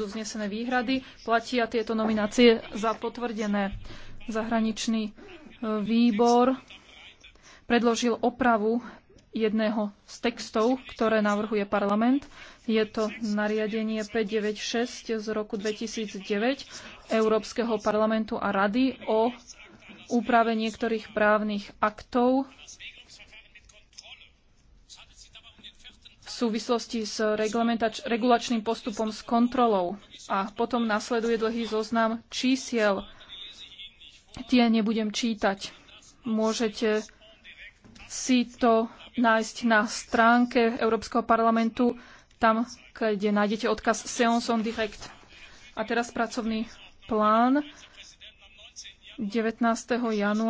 budú vznesené výhrady, platia tieto nominácie za potvrdené. Zahraničný e, výbor predložil opravu jedného z textov, ktoré navrhuje parlament. Je to nariadenie 596 z roku 2009 Európskeho parlamentu a rady o úprave niektorých právnych aktov súvislosti s regulačným postupom s kontrolou. A potom nasleduje dlhý zoznam čísiel. Tie nebudem čítať. Môžete si to nájsť na stránke Európskeho parlamentu, tam, kde nájdete odkaz Seance on Direct. A teraz pracovný plán 19. januára.